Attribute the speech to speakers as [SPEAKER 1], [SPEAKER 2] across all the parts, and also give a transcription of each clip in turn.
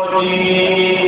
[SPEAKER 1] ọdún yìí.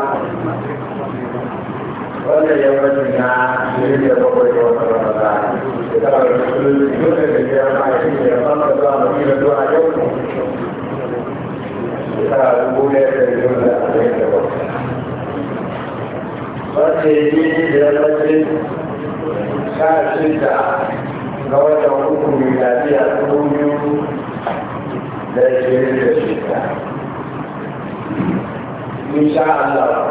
[SPEAKER 2] wannan yammacin na shirin da bakwai da wata ramata shekarar da dole da ya zuwa yau da da da yi da yammacin uku biyu da shirin da Insha Allah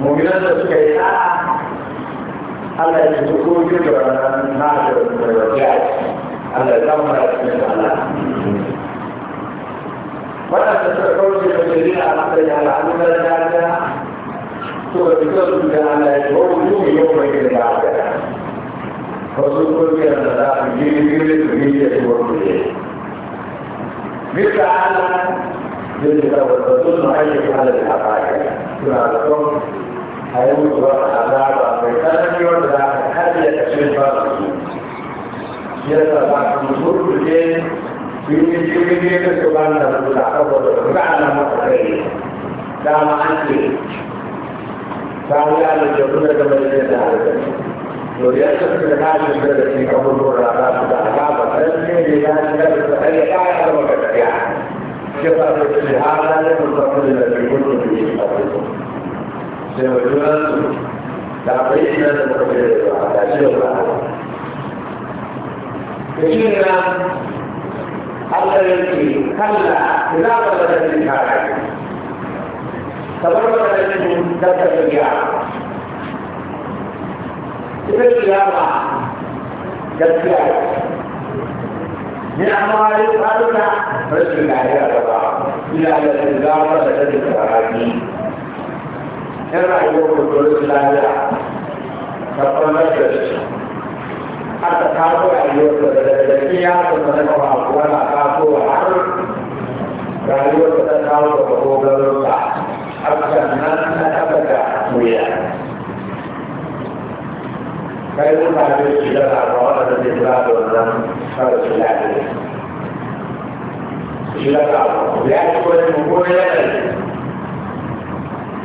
[SPEAKER 2] mu'minan da suka yi a Allah ya ci ko ji da na da ya Allah ya samu da cikin Allah waɗanda suka kawo da shari'a a matsayin al'adu na dada to da suka su da Allah ya ko ju mu yau mai da haka wasu kurkiyar da za a girgirgir da girgirgir da kurkiyar bisa Allah zai da wata sun hanyar halar da haka ya suna da kuma هيموت عذابا بيتنمي وبالآخر هذه تكفير فرق يسأل بعد النزول بالليل في الجبلية سبحان الله تعالى معنى مقرئ كان عنك كان على الجبلة كما يجب على ويأسف من الناس التي يقولون العذاب العذاب تنمي لناس نفسه هي قاعدة وكتبها كيف أردت هذا لم تكن الذي كنت به قبلكم فإن حتى يمكن كلا إذا بلغت الحاجة تبرمج منهم ذات الجامعة إذا الجامعة ذات من أعمال الأرض رسم الله إلى أن الإدارة بلغت الحاجة yana yi wa kudurin lafiya da kwanar da shi aka kawo a yiwuwa da daddaki ya kuma na kawo kuwa na kawo har rayuwar ta kawo da kogarin ba aka nan na abada wuya kai kuma da shi da rabuwa da zai ba da wannan kawo lafiya shi da rabuwa ya ci wani mummuna yanayi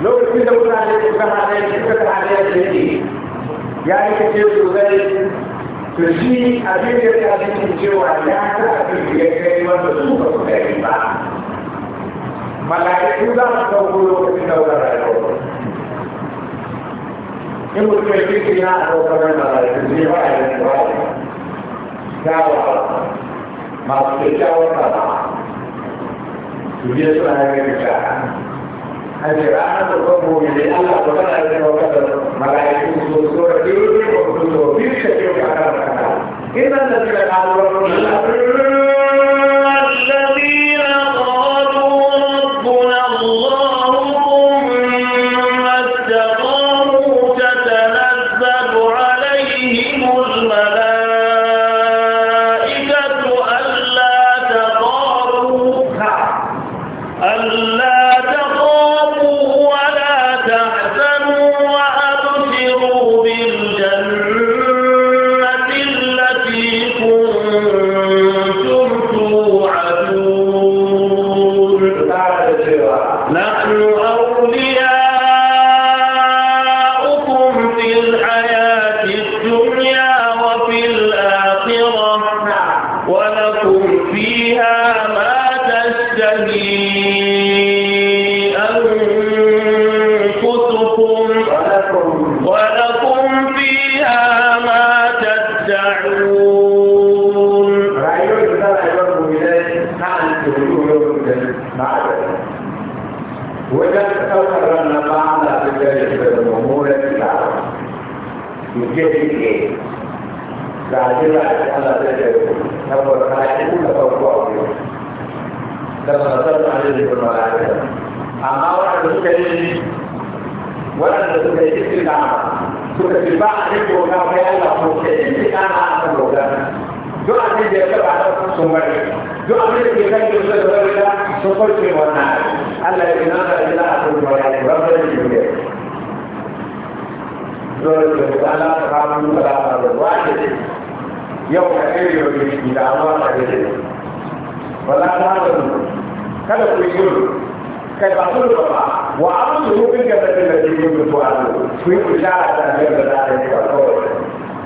[SPEAKER 2] não lokacin da mutane suka a gente ta halaye da yake ya yi kace sosai to shi abin da ya abin cewa ya ta abin da ya kai wanda su ba su kai ba mala'iku za que dauko lokacin da Eu rayuwa in mutum ya kirki ya a daukar nan mala'iku ne ba mas o que gawa masu kyakkyawar ba su biya suna yin kyakkyawar a ce ranar da kwanwo mai Allah ta faɗa da kwanwo suka ce ba a yin bauta kai Allah ko ke yin ta kana a kan bauta duk abin da ya taba ta sun bari duk abin da ke kan yin sun bari da sun farce wannan Allah ya gina da ila a kan bauta ne ba ba ne ne dole ne da Allah ta kama mu da Allah da wani yau ka kai yau ne da Allah ta yi wala ta kada ku yi kai ba su da ba wa an su hukun da zai da ke yin mutuwa su yi bishara da zai da za a yi ba kawai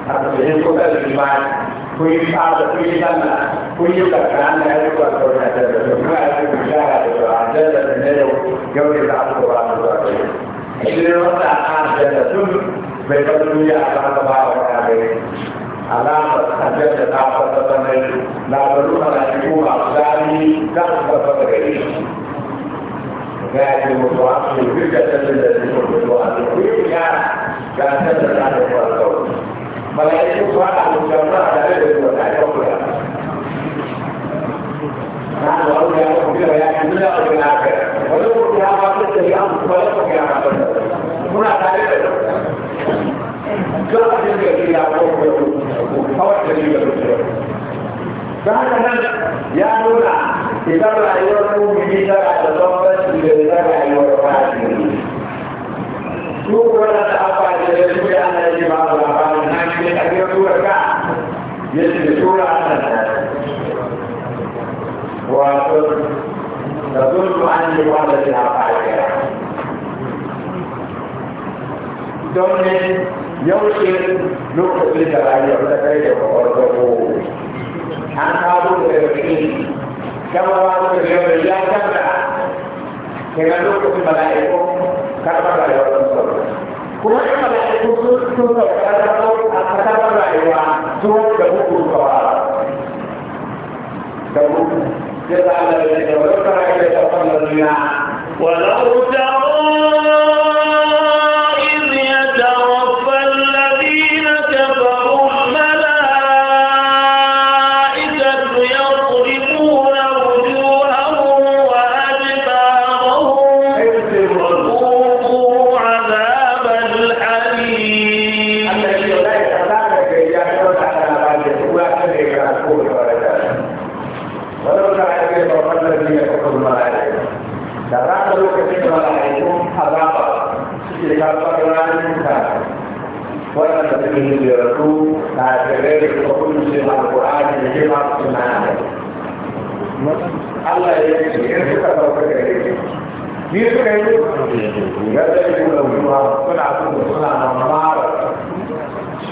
[SPEAKER 2] a su yi kuka da imani ku yi tsada ku yi sallah ku yi karkara na ya zuwa kawai da zai da kuma ya yi bishara da zuwa a zai da zai da yau ne za su ba su zuwa kawai shi ne wanda a zai da sun bai ba duniya a ba ba wa kawai alamar hajjar da ta fasa sanai labaru mala'iku masu dami za su fasa da gari كانت المتوحد يا رب اذا رايت المؤمنين على الله بالسبع والرحمن شوف ولا تعطى يجب أن يجب على الأقوال الناس من أن يتوكع يثبتون على الناس وتظن عن إقامة الأقوال domin yaushe lokacin da rayuwar ta kai da kwarkwaro an kawo da rikin kama ba da rikin ya kama daga lokacin mala'iku karɓar rayuwar sauran kuma in mala'iku sun sauka a kasar rayuwa sun da hukun kawa da hukun جزاء الذين كفروا ولو ترى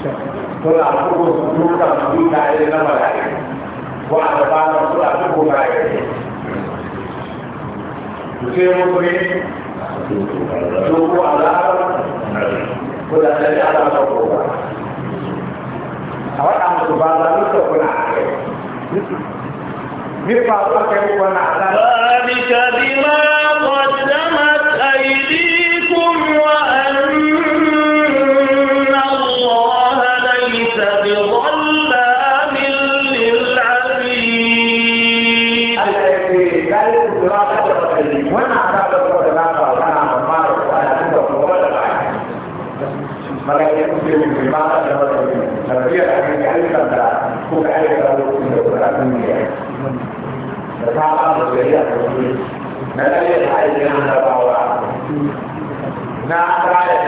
[SPEAKER 2] Tuhan aku pun sejuk tak mungkin kaya dengan nama lain. Buat ada barang tu aku pun kaya. Bukti yang mutu ini. Suku Allah. Sudah jadi Allah tak berubah. Awak tak mutu barang itu pun ada. Ini kalau tak kaya pun ada. Bagi kadimah. Wajdamat aidikum wa anu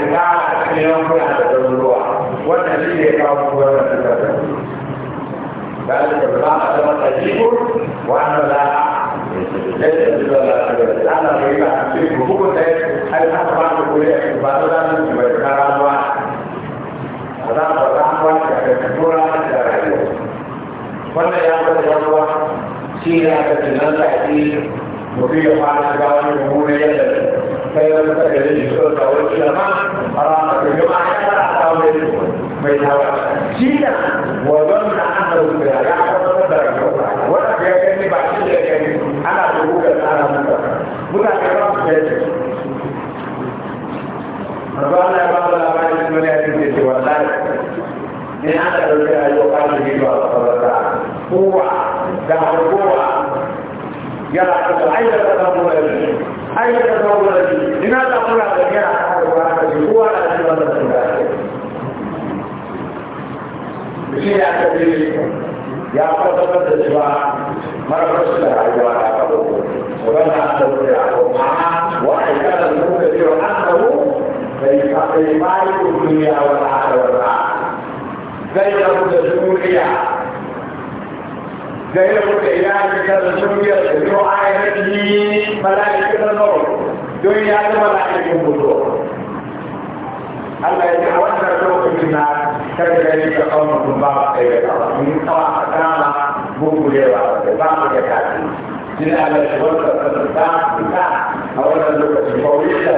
[SPEAKER 2] shiga cikin yankuna da garuruwa wannan shi ne kawo kuwar da suka zai ذلك بما قدمت أيديكم وأن لا ليس إلا لا أنا أريد أن أصيب حقوق هل أسمع بقولي بعد ذلك بإذن الله أنا أتعامل كدكتورة wannan ya kwata yawa shi ne aka tunan da ake mafi yawa na gawa ne mummunan yadda sai wani saka da shi so ka wani lama a ranar da yau an yara a kawo da shi mai tawa shi na wazon na an da wuce ya kawo da rago wanda ka ya gani ba shi da gani ana da kuka tsara muka mutane ba su da shi Rabbana ya ba mu labarin wani a cikin cewa ne an da rufe a yau ba shi ba a sarrafa kowa da kowa yana kasa aida da samun rabi ai da zaurabi ina da mura da ya haka ba ka ji kowa da shi wannan tura shi ya ta ji ya fara da cewa mara rasu da rayuwa da ka ko wannan an da wuri a kuma wa ai ka da mu da cewa an da mu bai ka bai mai duniya wal akhirah zai da mu da duniya غير إلهك الرسول يسمع آياته ملائكة الموت دنيا ملائكة الموت الله يتحول لوك الناس كذلك قومكم بعض إليك من طبعا تعالى بقول يا بعض يكاتي من على الشغل فتنسان أولا لوك الفورية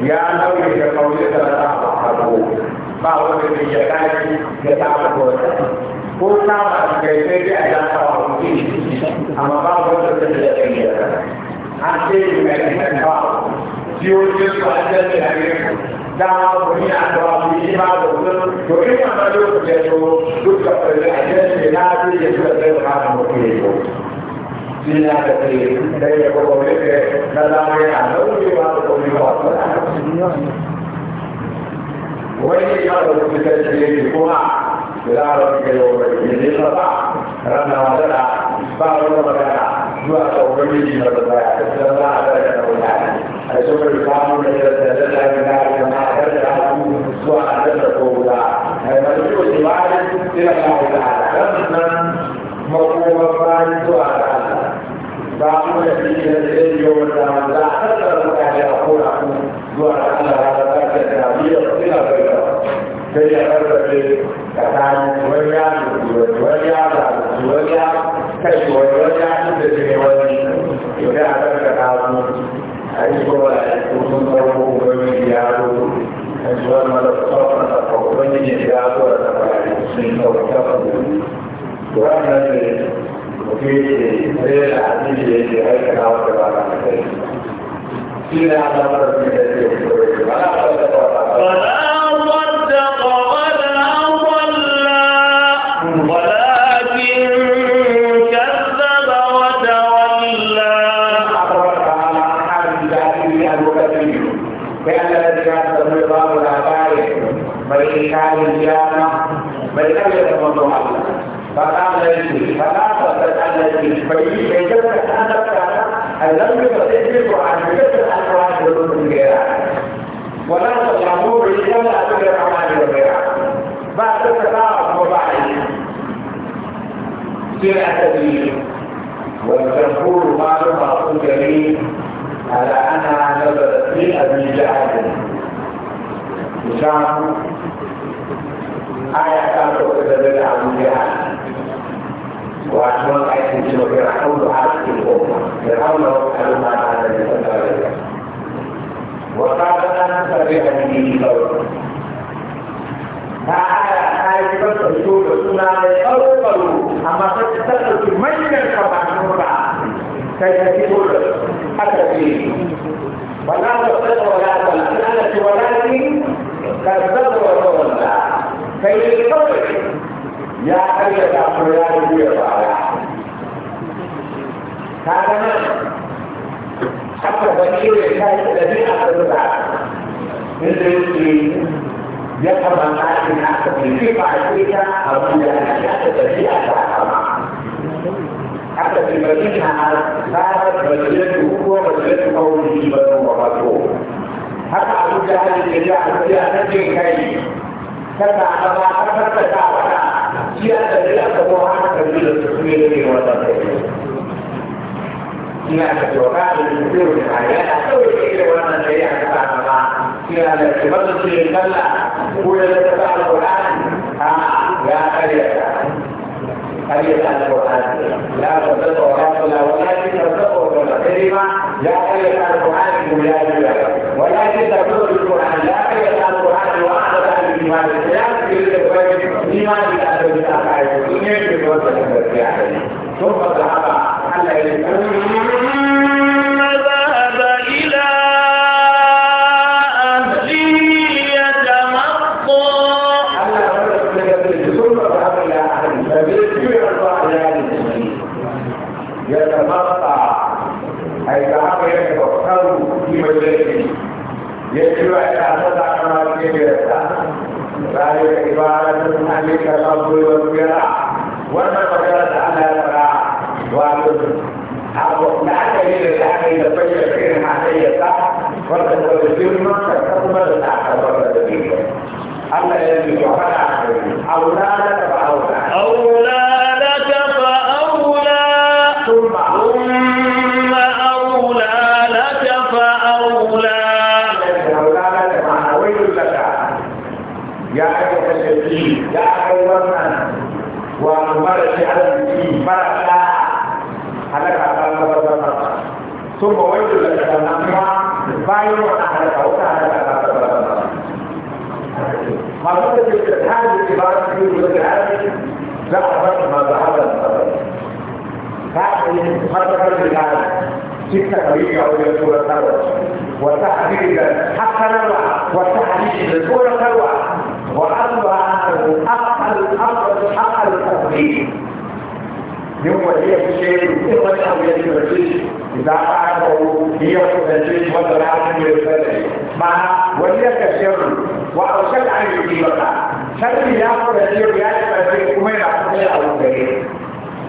[SPEAKER 2] يا نوي الفورية لا تعلم بعض الذي يكاتي يتعلم ko kama da kai sai dai a ya kawo mutum amma ba wanda ta da kai ya an ce mai kan kawo jiyoyin su an da ne a gidan dama ko ni an da ba ni ma da wannan to in ma da yau ya to duk da kai a gidan ne na ji ya su da ka da mutum ya to ni na da kai dai ya ko ne na da ne a nan ne ba ko ni ba wani ya da kuma bila rabbika yawma idin fa rana wa dala ba wa magana zuwa ga ubangiji na da baya da za a daga da mutane a so ka samu da da da da da da ma da da zuwa da da ko da ai ma duk wani ba da ila Allah ta'ala nan makoma ba zuwa ga Allah ba mu da shi da zai yi wa da za a tsara mutane a kora ku zuwa ga Allah ta ta da biyar ila ga sai ya karbace tsakanin wariya da wariya da wariya kai wariya da jini wani yau da a karkata su a yi kowa da kusan farko gwamnati ya zo a jiwar malakasofan da kwakwani ne ya zo da tabbari sun kauta su wannan ne mutum ne zai da abin da yake aikata wata ba ta kai shi ne a zama da su da ke kuma de ta mereka hiana, mereka yang teman-teman Allah. Karena itu, karena perkataan itu, bagi mereka terhadap kata, Allah berfirman Quran juga terhadap Quran belum berbeda. Walau terlalu berbeda atau berapa berbeda, bahasa tetap berbalik. Tidak terdiri. والجمهور معلوم معقول جميل على أنها نزلت في أبي جهل هشام aya ta farko da daga abu jihar wato wani aikin cewa ya haulu a cikin goma ya haula wata al'umma ta da ya san da rayuwa wata ta ta sarri a cikin kawai ta aya ta yi farko so da suna mai tsaro amma ta ta ɗauki manyan kamannin ba ta yi fito da haka ce wala ta tsaro wala ta lalata wala ne ka zaba wa sai kawai ya aikata ko ya yi biya baya ta gana haka ba ke ta yi ɗabi'a ta zuba inda yake ya kamata a cikin aka fi ba a cikin abu da ya ta ɗabi'a ta kama haka fi bari na tsarar bajiyatu ko bajiyatu kawai shi ba zuwa ba haka abu da hali da ya a cikin kai kata apa kata kata apa dia adalah sebuah kabil sendiri wala
[SPEAKER 3] dia adalah kabil saya atau dia wala saya kata apa dia adalah sebab sendiri
[SPEAKER 2] kala boleh kata Al-Quran ah ya kaya kaya Al-Quran la tadatu rabbuna walakin tadatu rabbuna terima ya kaya Al-Quran kemuliaan walakin tadatu Al-Quran ya kaya Al-Quran wa ahadu ahadu iman إيمان بالأدب الأخير إيمان بالوزن الذي يعلم ثم ذهب على الأمر يا أيها الشيخ يا أيها الوطن ومرشي على المسلمين فرق لا هلك على الله وبركاته ثم وجد لك أن أمرا باين أهلك أو على الله وبركاته مرحبا في استدهاد الإبارة في ولد العالم ذهبت ما ذهب الفضل فأخذ من فضل الرجال ستة قليلة أو يسور الثروة وتحديدا حقنا وتحديدا وأطلع عنه حق الأمر حق التوحيد هو هي الشيء يقول أو يدرسه إذا فعله هي تدرسه وضرعه يرسله مع وليك الشر وأرسل عن يجيبك شر يأخذ الشر يأخذ الشر كما يأخذ الشر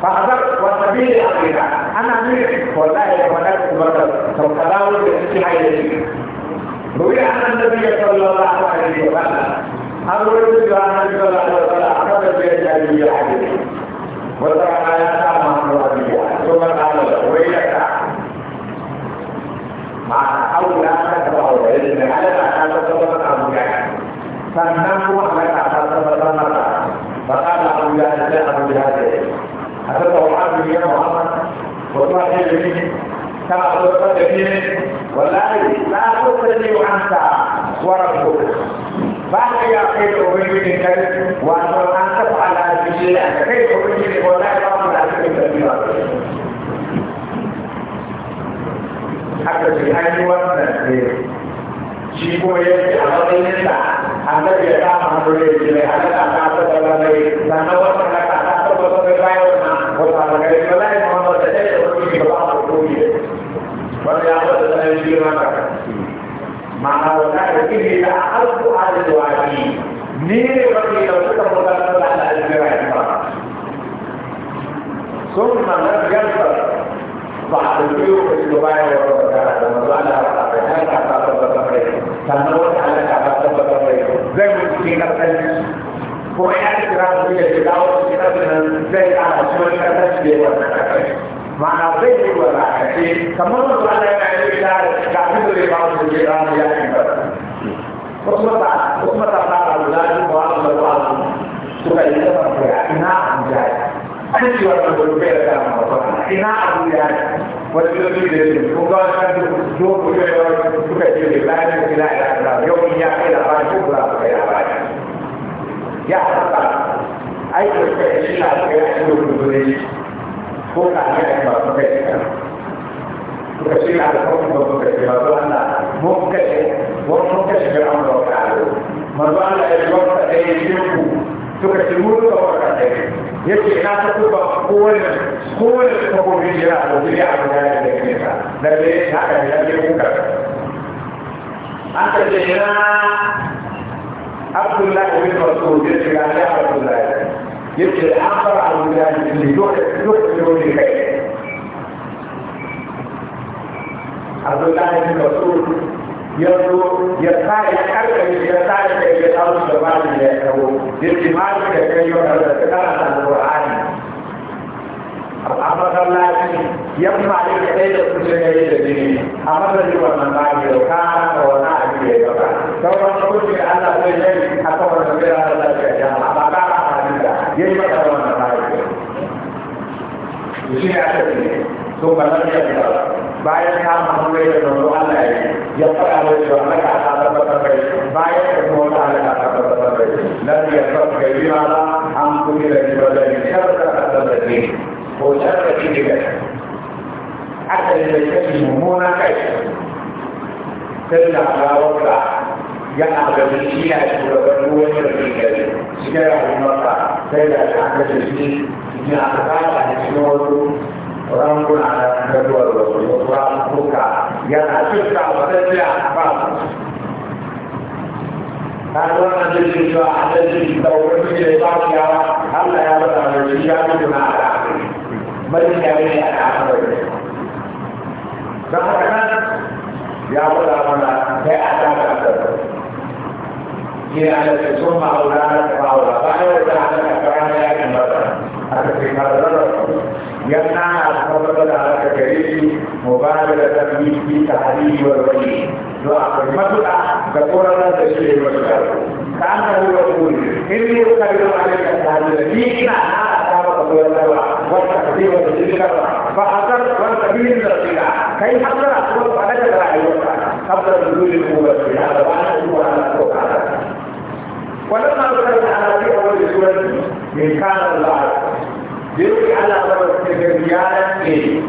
[SPEAKER 2] فحضر وسبيل أمرنا أنا أمير والله يا بنات المرض فالقرار في حياتي روي عن النبي صلى الله عليه وسلم an wurin da ranar sallah da sallah a kan da zai jari ya haɗe wata rana ya sa ma hannu a biyu a tsohon ranar da wai ya ka ma aula ta taɓa aure da mai halaka ta ta taɓa ta abu ya sannan kuma halaka ta taɓa ta mata ba ta da abu ya ta abu ya ta a ta taɓa abu ya muhammad wasu a ilimin كما قلت لك والله لا تسلم عنك وربك ba ka ya kai da ubangiji kai wato an taɓa al'adu shi a kai da ubangiji ko za ka ba mu da cikin tafiya aka ce an yi wannan ne shi kuma yake a matsayin sa annabi ya kama hannu ne shi ne a kada ta taɓa mai sannan wata na ka ta taɓa mai bayan ma wata na gari ba za ka yi mamata ɗaya da wani ba ba ku ne wani ya fata sanar shi ma ka مع ولاء إني لأحب على الواجين نيري وفي لوكة مدرسة على الجرائم ثم لم ينصر بعد الجيوب الدبي والمزالة هل كتابة بطريق تنوت على كتابة بطريق زي مسكينة فوحيات كرام في الجداوة مسكينة زي على شمال كتابة بطريق ma'ana zai yi wa zakace kamar da su ana yana yi ta ga abin da zai ba su je ran ya yi ba kuma ta kuma ta fara da zai ba su da ba su suka yi ta fara ina an jaye an ji wannan gurbe da ta fara ina an jaye wani lokaci da yake kun ga wannan do ku da suka ce da lafiya da lafiya da yau ya kai da ba shi kula da ya ba ya haka ai da kai shi da kai da ko ka la da ba su kai suka shi na da kawai ba su ba su Allah mun kashe mun kashe ga amma wa ta'ala manzo Allah ya ba ka da yin ku suka shi mun ka wa ka da yace na ta ku ba kowane kowane ko ko bi jira da bi ya ga kɛ ke ka da be haka ne da ku ka an ta jira Abdullahi bin Mas'ud ya ce ga Abdullahi يمكن اكثر على البلاد اللي يحسنون الخير عبد الله بن مسعود يبدو يسعى يحرك يسعى كي يطلب شباب الله للجمال كي يعرف القران أمر الله يجمع عليك أيضا كل شيء يجري أمر لي ومن معي وكان ونعم به سوف نقول أن كل شيء حتى ونقول أن لا شيء यही बता रहा था इसलिए ऐसा नहीं तो बदल जाएगा बाय काम हम लोग दोनों अलग है जब तक आगे जो अलग आता था तब तक बाय मोटा अलग आता था तब तक नदी असर गई वाला हम पूरी रही बदलेगी सब तरह असर रही वो सब रखी जगह असल में मोना कैसे फिर जागा होगा या आगे भी किया है पूरा पूरे रखी गई شارع المرأة سيدة الحمد الشيخ في عقبات عن الشمول ورمض على الدول الرسول وطرام بكع يانا شكع يا الله يا رب من يعمل على عقبات فهذا كان يا رب ni ala ta sun ma'aura ta ma'aura ba ya wata ala ta kara na yakin bata a ta fi mara rarraba yana a kuma bata da ala ta gare shi mu ba da da ta yi fi ta hali wa rauni to a kai matuƙa da koran da shi ne matuƙa ka an karu wa kuri in ne ka yi wa ala ta hali da ni ina na a ta maka koyar da ba wata ka zai wata jirgin ba ba a san wata bilin da rafina kai har kana kuma ba da rayuwarka kabla da zuwa da kuma da ya da ba na zuwa na ko ka ولما بدأت على في أول سورة من كان الله يروي على أمر الرجال إيه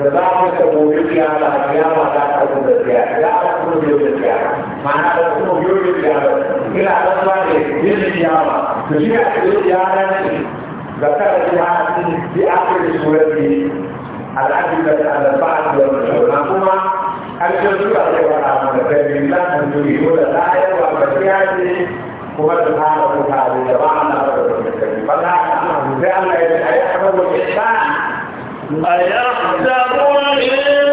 [SPEAKER 2] فبعض تقولي على القيامة لا تكون بالقيامة لا تكون بالقيامة معناها لا تكون بالقيامة إلى أصلا بالقيامة تشيع بالقيامة ذكر فيها في آخر سورة العجلة على البعض والمعلومة الجزء الذي وقع من الله من دونه ولا لا ya ce kuma da ta ga kuka da ba ba na da kai ba na sai Allah ya ce ayyaka ba ke ta ayyaka ba ke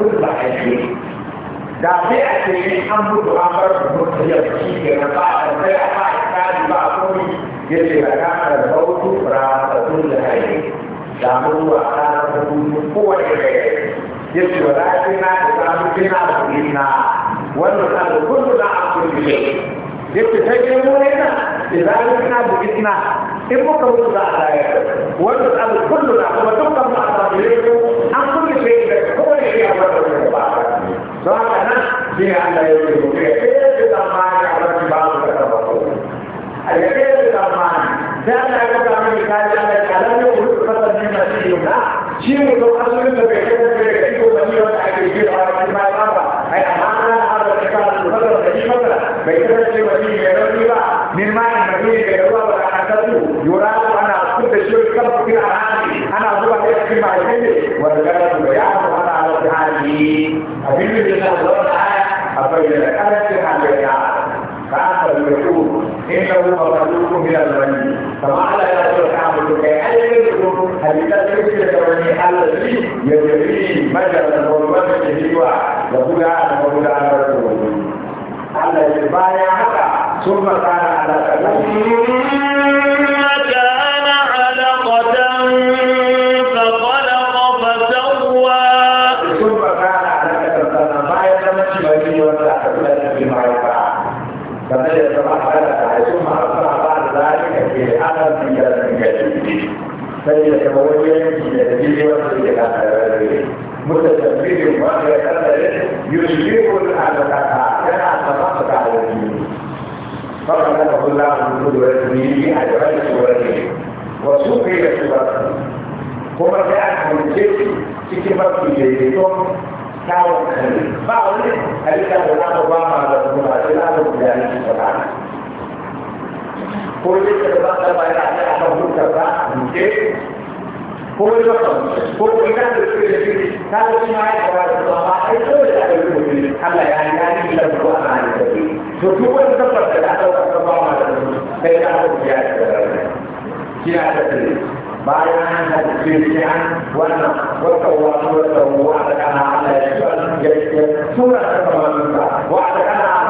[SPEAKER 2] mutu ba a yi da sai a ce an mutu an bar mutu ya ci ke na ba a sai a ba a kari ba a komi ya ce na kara da bautu ra a tun da haini da mutuwa ta na mutu kowane kai ya ce wa lafi na da samu kina da kuri na wanda ta da kullu na a kullu ya ce ta ke mu ne na da zalim na da isna in muka mutu za a tayar wanda abu kullu na kuma dukkan mu a tafiye an kulle shi da kowane shi a wata wani ba don haka nan shi ne Allah ya yi gobe ya ɗaya da zamani a wani ba mu da kaba ko a ya ɗaya da zamani sai Allah ya kuka mini kaji Allah ya kalami wa mutu kasar ne na shi yau na shi ne don asalin da bai الذي يجري مجرى الحرمات الحلوة يقول أنا أقول أنا رسول الله يبايع حتى ثم كان على ثم كان علقة فمن يتبع هذا ثم أصبح بعد ذلك في عالم من فإذا تمويل الذي يصل إلى هذا متسبب وهي أبدا يشبه الأعتقاد على الدين فقد له الله من كل وزنه أجران سورته وسمي سورته كما كان من جيش تكبر في جيشهم كانوا بعض الذين كانوا يقولون أن الله سبحانه Boleh terbang sampai rakyat da belum da mungkin. da terbang. Boleh kita berpikir, kalau semuanya orang berdoa, da tidak ada berpikir. Kalau yang lain kita berdoa, tapi berdua tetap berdoa atau berdoa malam. Saya tak berpikir. Tidak ada sendiri. Bayangan dan kebirsihan, warna, berkawan, berkawan, ada kata Allah, surat kepada manusia, ada kata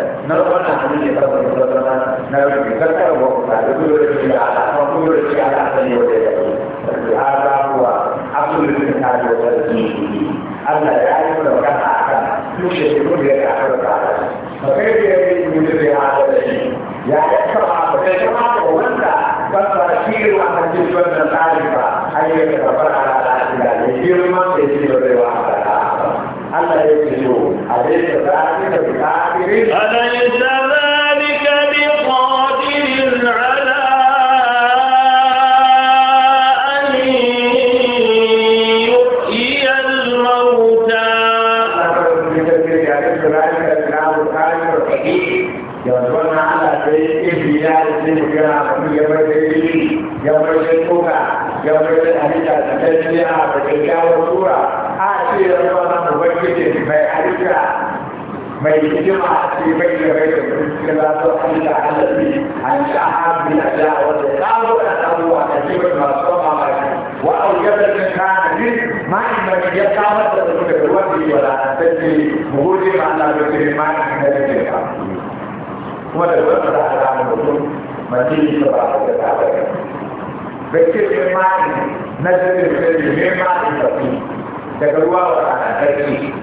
[SPEAKER 2] na wannan abin ya saba da zama na rufe karkar wata da duk da shi a kuma kuma da shi a kan yau da yau a ba kuwa absolutin ta da wata Allah ya yi da kan aka tushe shi kuma ya ka da ka ba kai da yi mun da ya da shi ya ya kama ba kai kama ba wanda ban ba shi ruwa a cikin wannan tsarin ba ayyuka da fara da shi da girman da shi da rewa Allah ya ce to a dai da الكافرين أليس قالوا عن الذي عن شعب العداوة قالوا أتوا كثيرا ما صنع وأوجد من كان ما من يتعمد تدرك الوجه ولا تدري مهوجم على بكر ما يحمل ولا يوجد على الرسول مدينة سبعة وتسعة بكر ما نزل في ما يستطيع تقلوا ولا تدري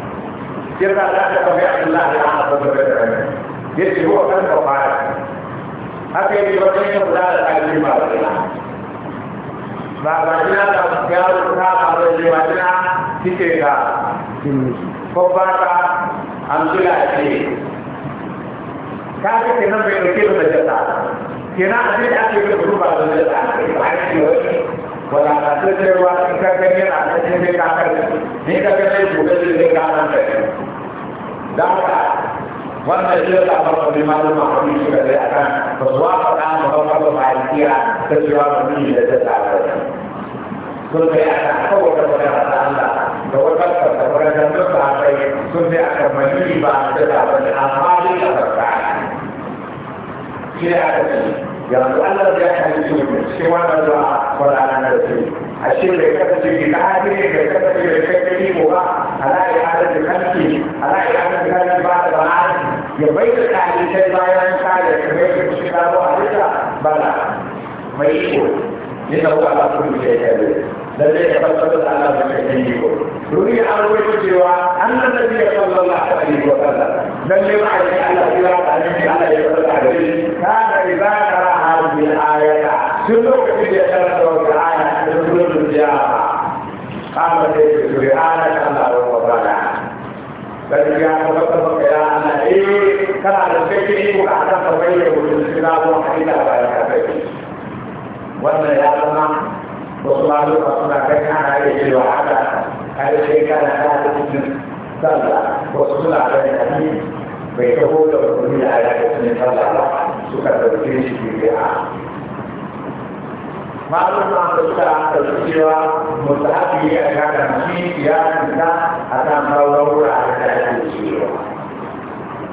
[SPEAKER 2] كذا لا تقوى الله تعالى تدرك يتبعوا أن تقعد حتى يتبعين فلا تعلم ما بينها بعدين تختار كتاب الذي بعدنا تكيكا فبارك أمثلة شيء كافي كنا بنكيل بجتا كنا أجل أكيد بنكون بعد بجتا ولا أتذكر وأنك كنير أتذكر كافر نيكا كنير بجتا كافر دعوة wannan shi yasa farko ne malama abu shi ga dai akan ba su wa faɗa ma ba farko ba alkiya ta cewa ba ni da ta tsara sun bai ana saboda wata rasa Allah da wata da wata gandun ba kai sun bai aka mani ba da tsara da amma dai a farka shi ne aka ce yanzu Allah ya halittu ne shi wannan zuwa wala na da shi الشيء اللي كتبت الجماعه دي اللي كتبت الكتاب دي هو على اعاده الخلق على اعاده الخلق بعد ya bai da kai bayan ka da kamar da shi ka ba halitta bala mai iko ne da ba a kuma ya kai da zai ya tabbatar da Allah da kai ne ko duniya an rubuta cewa annabi sallallahu alaihi wa sallam dan ne ba ai ala ya ba da ne Allah ya da shi kana ra qara hadhihi ayata tun lokacin da ya karanta wannan aya da suratul jaa kama da ya suri ana kana wa bala dan ya tabbatar da ya Allah eh, kana da sai ko ka hada ka wai da wurin sira ko hakika da bayan ka sai wannan ya zama wasu maluka suna kai ana da cewa haka kai sai kana da cikin sallah wasu suna kai da ni bai taho da wani ya da cikin sallah ba suka dauke shi bid'a معلوم عن الساعة الكثيرة مستحق لأشهر المسيح يا نساء أتام روضة على الكثيرة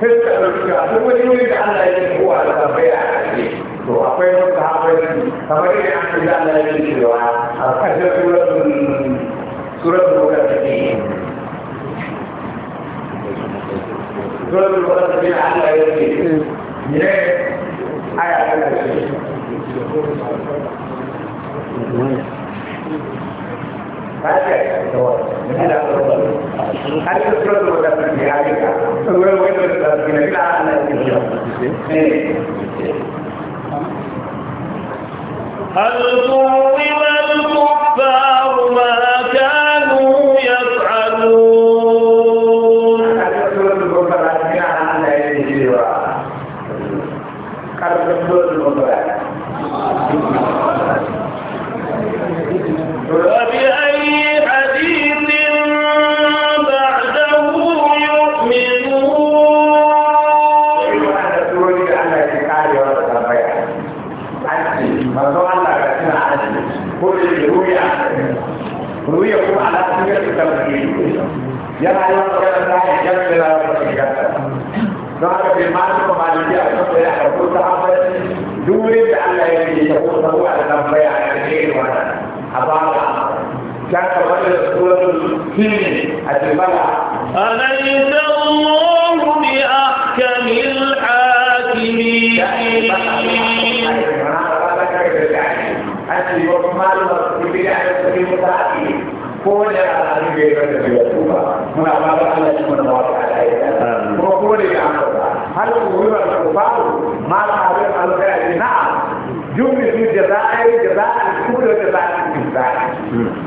[SPEAKER 2] fuskar rubuta a duk wani wuri da Allah ya yi kowa da tambaya a ƙarshe to akwai wasu haɓari kamar yadda an fi da Allah ya yi cewa a ƙarshen suratun suratun wutar da ke suratun wutar da ke Allah ya ce ne aya ƙarshe
[SPEAKER 1] هل تؤمن
[SPEAKER 2] مسلم هتبلع
[SPEAKER 1] بأحكم
[SPEAKER 2] الحاكمين كل العالم بيرد بيتوبة من أمر الله سبحانه وتعالى هو كل العالم نعم جملة الجزاء جزاء الكفر جزاء الكفر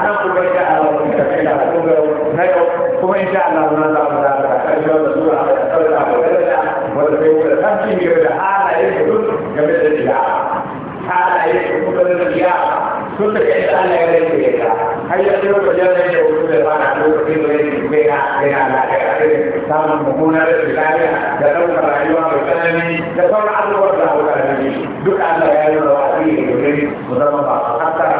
[SPEAKER 2] Ana kuma insha Allah mun ta kai da kuma na yau kuma insha Allah mun za mu da karshen da sura da da da wanda sai mu da tafsiri ne da halaye da duk game da diya da kuma da diya sun da kai da Allah ya ka ya da jami'a da da ba na lokacin da yake kai na kai na da samun da da rayuwa mai tsanani da sauran da aka duk Allah ya yi mu zama ba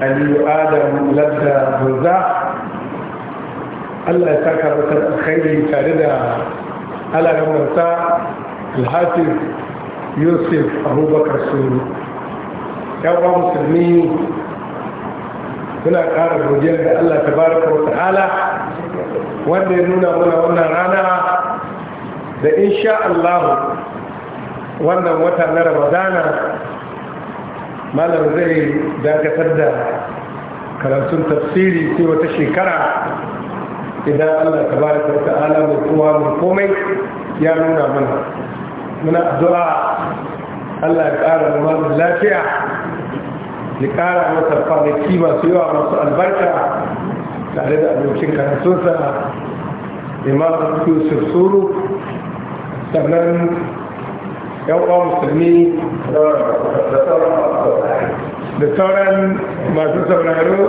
[SPEAKER 2] aliyu adam labda hamza allah ya saka masa alkhairi tare da alaramarsa alhafiz yusuf abubakar suru yawa musulmi suna ƙara godiyar da allah ta baraka wa ta'ala wanda ya nuna mana wannan rana da insha allahu wannan wata na ramadana malam zai dakatar da karatun tafsiri sai wata shekara idan allah ta ba da ta'ala mai kowa mai komai ya nuna mana muna addu'a allah ya ƙara da lafiya ya ƙara masa kwanaki masu yawa masu albarka tare da abokin karatunsa imam yusuf suru sannan yan uwa musulmi da sauran masu sauraro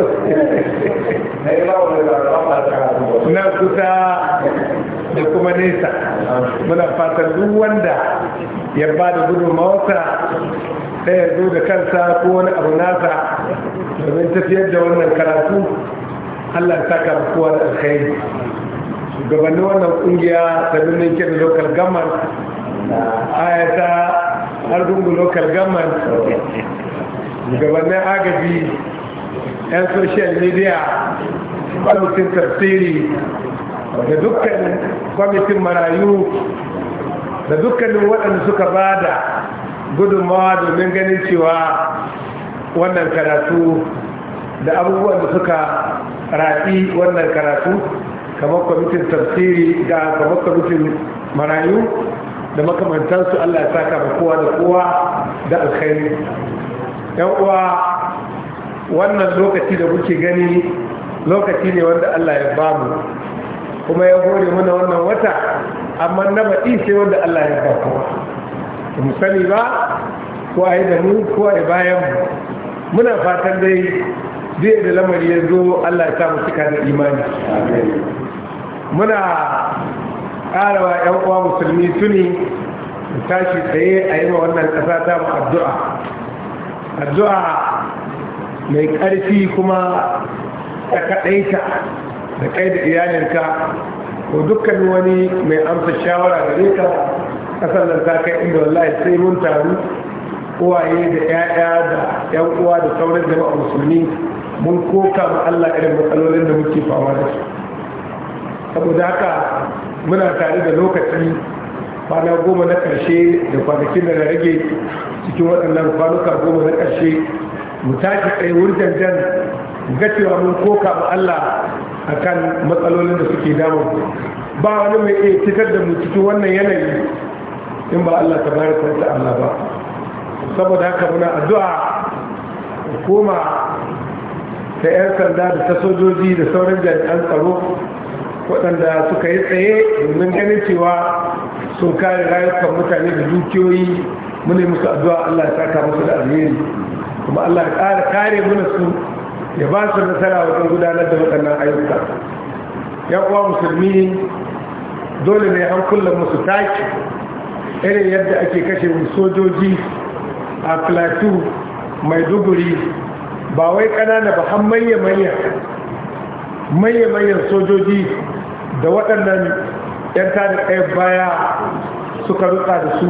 [SPEAKER 2] na kusa da kuma nesa muna fatan duk wanda ya ba da gudunmawarsa ɗaya zo da kansa ko wani abu nasa domin tafiyar da wannan karatu allah ta karfuwa da alkhairi gabanin wannan kungiya ta birnin kebbi local government ayata har dungu local government gabanin agaji 'yan social media kwamitin tafsiri da dukkan kwamitin marayu da dukkanin waɗanda suka ba da gudunmawa domin ganin cewa wannan karatu da abubuwan da suka raɗi wannan karatu kamar kwamitin tafsiri da kamar kwamitin marayu da makamantansu Allah ya saka ba kowa da kowa da alkhairi yan uwa wannan lokaci da kuke gani lokaci ne wanda Allah ya bamu kuma ya hore mana wannan wata amma na baɗi sai wanda Allah ya ba kowa mu sani ba ko a yi da mu ko a yi bayan mu muna fatan dai zai da lamari ya zo Allah ya sa mu cika da imani muna ƙarawa 'yan uwa musulmi tuni tashi tsaye a yi ma wannan ƙasa ta mu addu'a addu'a mai ƙarfi kuma ta kaɗaita da kai da iyalinka ko dukkan wani mai amsa shawara da rika ƙasar nan ta kai inda wallahi sai mun taru uwaye da 'ya'ya da 'yan uwa da sauran jama'a musulmi mun koka ma Allah irin matsalolin da muke fama da su saboda haka muna tare da lokaci kwana goma na ƙarshe da kwanakin da na rage cikin waɗannan kwanuka goma na ƙarshe mu tashi tsaye wurjan jan ga cewa mun koka ma Allah akan matsalolin da suke damu ba wani mai iya fitar da mu cikin wannan yanayi in ba Allah ta bayar kwanta Allah ba saboda haka muna addu'a hukuma ta 'yan sanda da ta sojoji da sauran jami'an tsaro waɗanda suka yi tsaye domin ganin cewa sun kare rayukan mutane da dukiyoyi yi musu addu'a Allah ya saka musu da alheri kuma Allah ya ƙara kare muna su ya ba su nasara wajen gudanar da waɗannan ayyuka ya kuwa musulmi dole ne an kullum musu taki irin yadda ake kashe sojoji a plateau mai duguri ba wai ƙanana ba har manya-manya manya-manyan sojoji da waɗannan 'yan tada ɗaya baya suka rutsa da su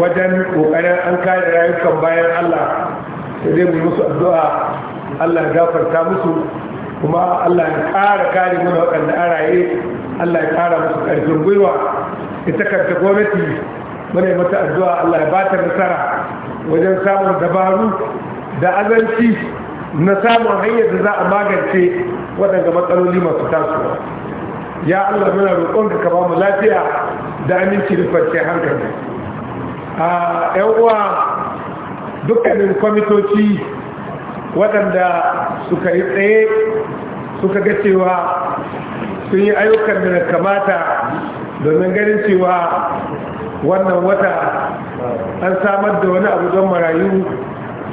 [SPEAKER 2] wajen ƙoƙarin an kare rayukan bayan allah sai zai mu musu addu'a allah ya gafarta musu kuma allah ya ƙara kare mana waɗanda an raye allah ya ƙara musu ƙarfin gwiwa ita kanta gwamnati mana yi mata addu'a allah ya bata nasara wajen samun dabaru da azanci na samun hanyar da za a magance waɗanda matsaloli masu tasowa ya Allah muna roƙon ka ba mu lafiya da aminci da farce hankali a yan uwa dukkanin kwamitoci waɗanda suka yi tsaye suka ga cewa sun yi ayyukan da kamata domin ganin cewa wannan wata an samar da wani abu don marayu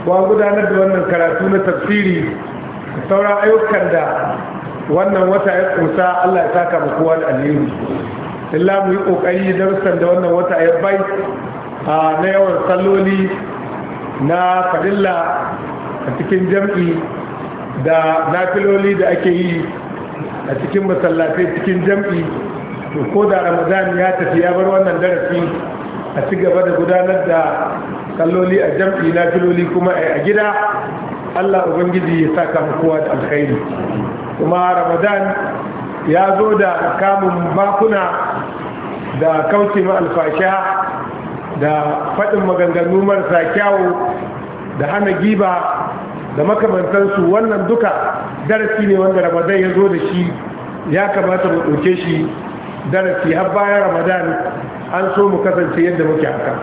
[SPEAKER 2] ko gudanar da wannan karatu na tafsiri sauran ayyukan da wannan wata ya kusa Allah ya saka mu kowa da alheri illa mu yi kokari don da wannan wata ya bai na yawan salloli na fadilla a cikin jam'i da nafiloli da ake yi a cikin masallatai cikin jam'i to ko da ramadan ya tafi ya bar wannan darasi a ci gaba da gudanar da salloli a jam'i na filoli kuma a gida allah ubangiji ya saka mu kowa da alkhairi kuma ramadan ya zo da kamun bakuna da kauce ma alfasha da faɗin maganganu marasa kyawu da hana giba da makamantansu wannan duka darasi ne wanda ramadan ya zo da shi ya kamata mu ɗauke shi darasi har bayan ramadan an so mu kasance yadda muke haka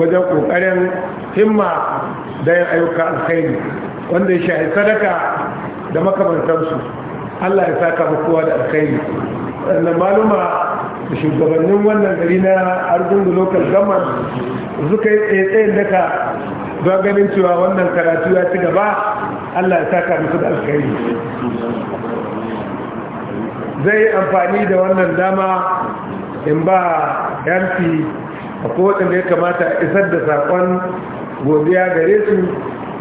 [SPEAKER 2] wajen ƙoƙarin himma da yin ayyuka alkhairi wanda ya shahi sadaka da makamantarsu allah ya saka kowa da alkhairi sannan maluma da shugabannin wannan gari na argungu local government suka yi tsaye daga don ganin cewa wannan karatu ya ci gaba allah ya saka musu da alkhairi zai amfani da wannan dama in ba yanki a da ya kamata isar da saƙon godiya gare su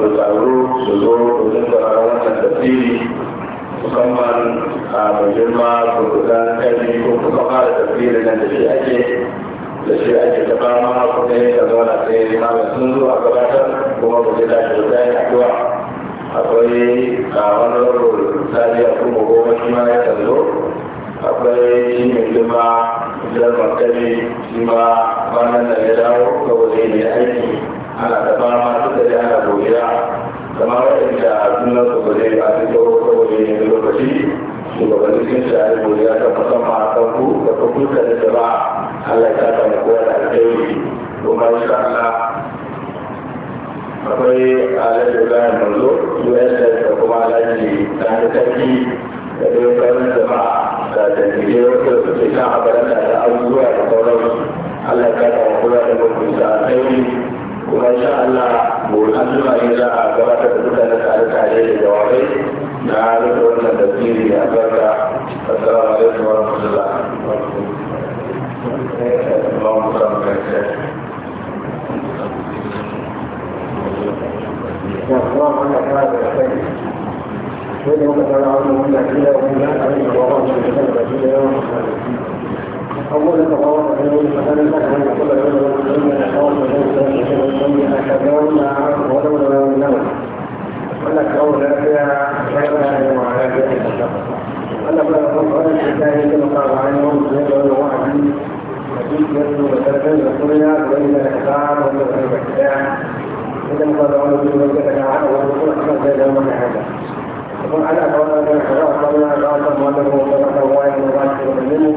[SPEAKER 2] ku taru su zo ku dinga wannan tafsiri musamman a bajirma ku gudan kai ko kuma fara tafsirin nan da shi ake da shi ake ta fama ku ne da zauna sai na sun zo a gabatar kuma ku ji dace da kayan addu'a akwai a wani rarrabu a kuma goma shi ma ya tanzo akwai shi mai girma jar makari shi ma kwanan da ya dawo ga wajen ne aiki ana da fama suka je ana godiya kamar waɗanda sunan su ba a cikin wani lokaci shugabannin sun shi a yi godiya ta musamman kan ku da kuka da ba Allah ya ta mu kowa da alheri kuma insha Allah akwai alhaji Ibrahim Manzo da kuma alhaji Sani Sarki da dai sauran jama'a da dalilai wasu da suke kan da abubuwa da sauransu Allah ya ta mu da kuma insha Allah gobe an zuwa ne za a gabatar da duka da tare-tare da jawabai na rufe wannan tafsiri a barka assalamu alaikum wa rahmatullah اللهم صل على سيدنا وإنه قد أعلم أن كلا وإلا أن الله سبحانه وتعالى وعلى قول أن الحرارة قبل أن أعطى مؤلفه وصدقه وعلى مباشر منه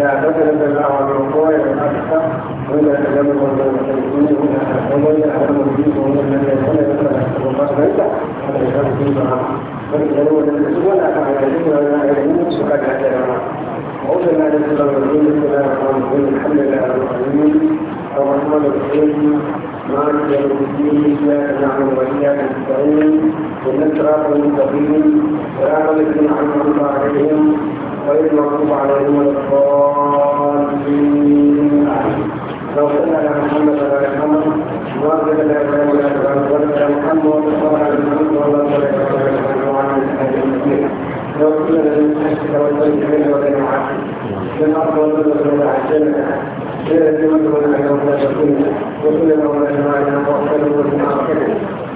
[SPEAKER 2] فأعتقد أن بعض الوقوع الأكثر وإذا تكلم الرجل الفلسطيني هنا ومن أهم الدين ومن الذي يكون مثلا وقد ليس هذا الإسلام دين معه ولكن هو لم يسوى لا فعليه ولا يعلمه سؤال هذا الأمر وأوصل هذا الإسلام الرجيم بسم الله الرحمن الرحيم الحمد لله رب العالمين الرحمن الرحيم مالك يوم الدين إياك نعبد وإياك نستعين والنصر المستقيم ولا ملك عن الله عليهم غير المغضوب عليهم ولا الضالين لو كنا على محمد وعلى محمد وارجع الى ابراهيم وعلى ابراهيم وارجع الى محمد وعلى محمد وارجع الى ابراهيم وعلى محمد لو كنا لم نحسك وسلم بين وبين عبدك كما قال الله عجلنا لا يجوز لنا ان نكون وكلنا ولا نعلم وكلنا ولا نعلم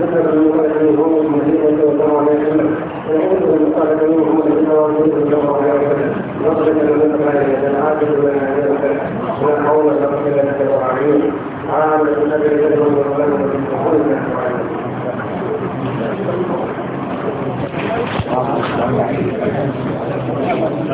[SPEAKER 2] ذكر المؤلف منهم المدينه صلى الله عليه وسلم وعنده قال منهم الى رسول صلى الله عليه وسلم نصرك لنا فائده عاجل لنا ذلك ولا حول ولا قوه الا بالله العظيم عامل الاجر لهم ولهم ولهم Thank you.